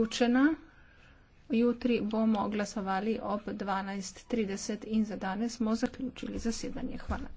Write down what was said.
vključena. Jutri bomo glasovali ob 12.30 in za danes smo zaključili zasedanje. Hvala.